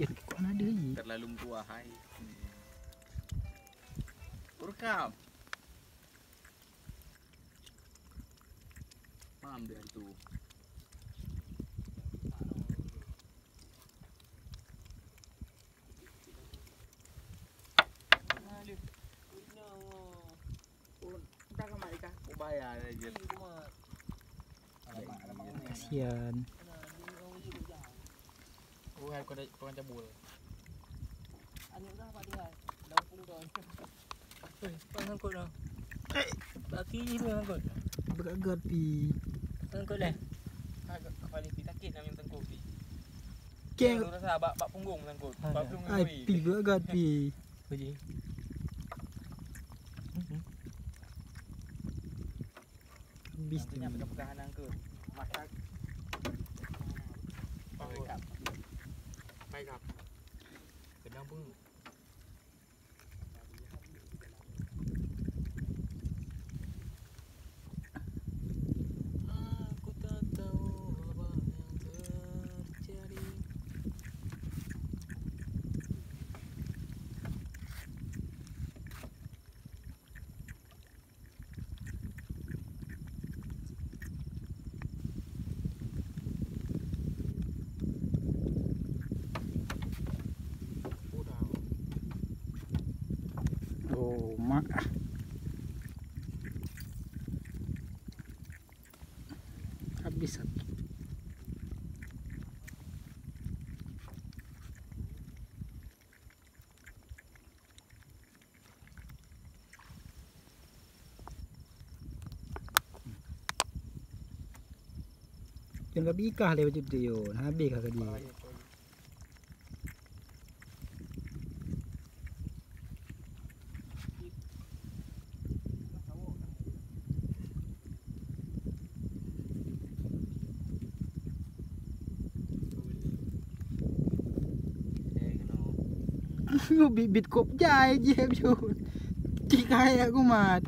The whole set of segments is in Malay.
Ya, kau nak ada lagi. Terlalu buah hai. Kurkam. Mam dia tu. Kasihan. Yeah kau kau cabul. Anjuk dah Pak Dihan. Dah pun Oi, kau nak dah. Eh, baki ni memang kau. Bergagar pi. Kau kau dah. tak kau lebih sakit nak minta kau pi. Kau rasa bak bak punggung nak kau. Bak punggung pi. Pi pi. Kau Bisnya pegang-pegang anak kau. Masak. Oh, ไป่ครับ เป็นน้ำพึ่ง Aduh, mak. Habis satu. Jangan bikah lewat tu yo. Habis kah tadi? Baik. Aku bibit kopjai je Abjun Cikai aku mat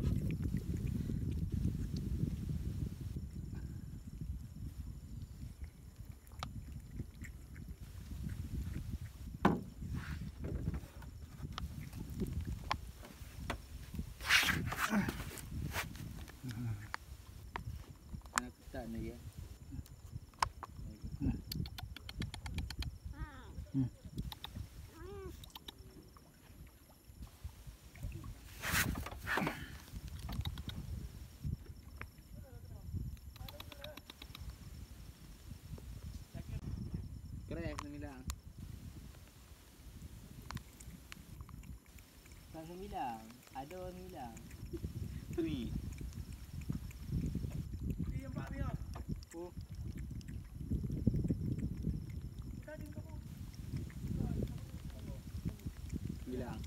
Yeah. langsung hilang Ada orang hilang Itu ni Ni yang pak dia Oh Hilang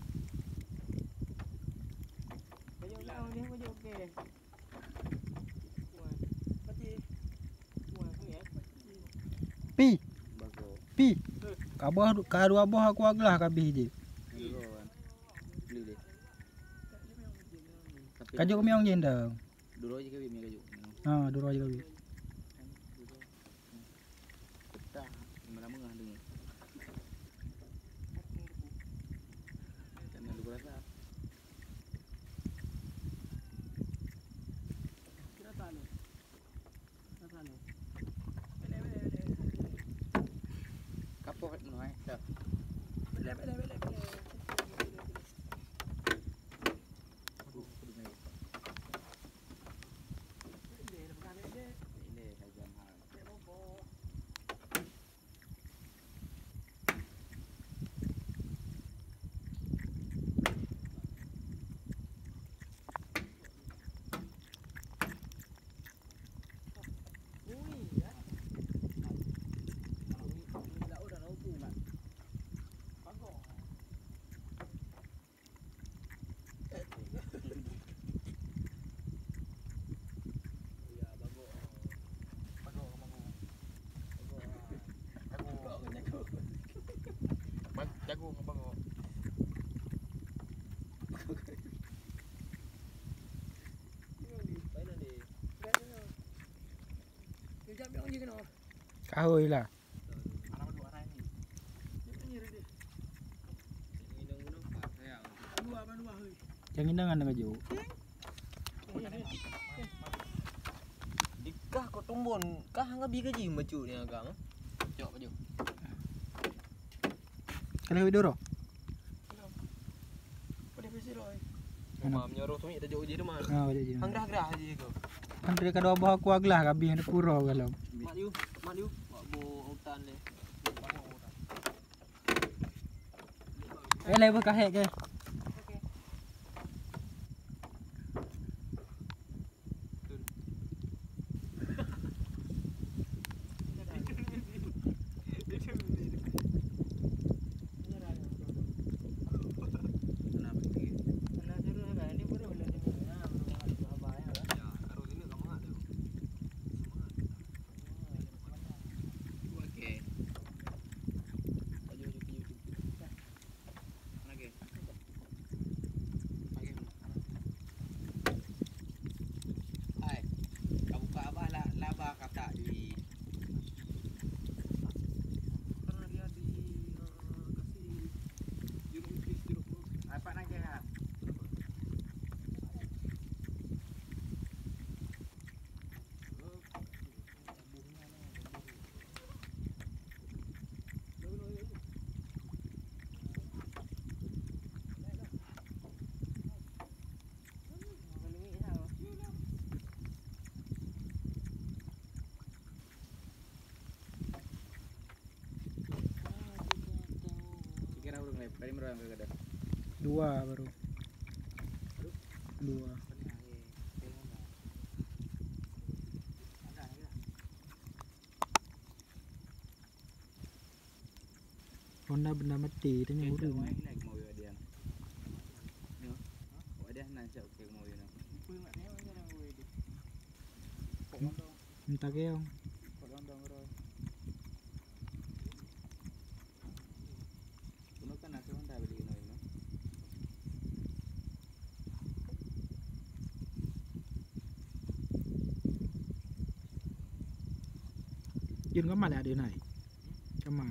Bajuk kau ni, bajuk eh. okey Pi. Bagus. Pi. Kabah kadu abah aku agelah kabih dia. Kajuk kami orang je indah. Dua orang je kami kajuk. Ha, dua orang je kami. Kapok nak eh, naik dah. Bele bele bele. jagung abang kau Kau jangan ambil orang je kena Kau lah Jangan hidang dengan kaju Dikah kau tumbun Kah ngabih kaji macu ni agak Jok kaju Kena ambil dorong? Eh. Mama menyuruh tu mik tajuk uji tu mah. Ah, ha wajib jadi. Hang gerah-gerah aja tu. Kan dia kada abah aku aglah kabi yang pura kalau. Mak niu, mak niu. Bu hutan ni. Eh lebih kahek ke? berapa yang ada? Dua baru. Dua. Honda benda mati itu yang urung. Minta ke không? Jun có mặt ở đây này Cho mặt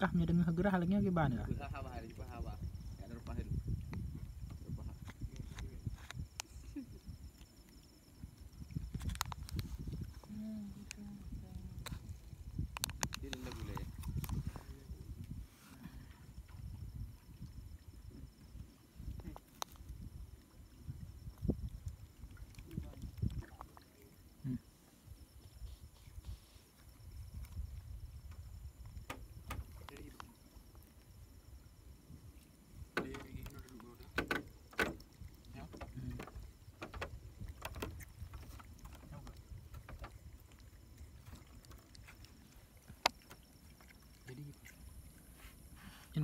Kah, ni ada gerah lagi ke bahan lah? Gerah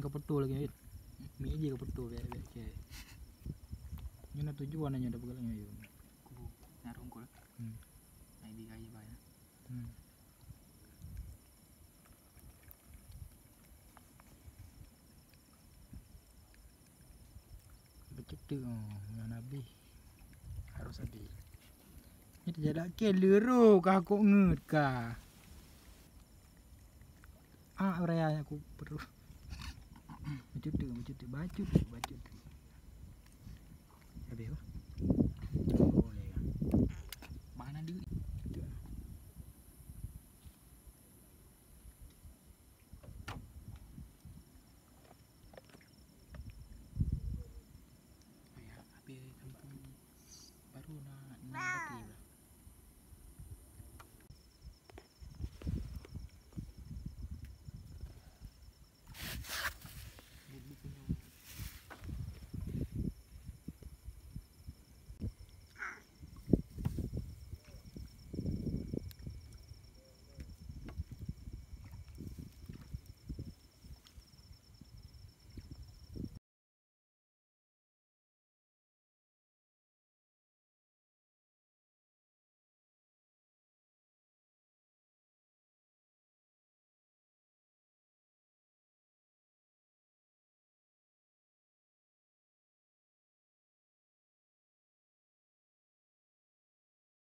kau betul lagi. Mi aja kau betul biar biar cek. Ini nak tuju warnanya dah pegang ni. Aku ngarung kul. Hmm. ID kaya bayar. Eh. Hmm. Becek tu dengan Nabi. Harus habis. Ini terjadak ke leruh kah aku ngut kah. Ah, raya aku perlu. Bacut tu, bacut tu, bacut tu, bacut tu. Habis lah.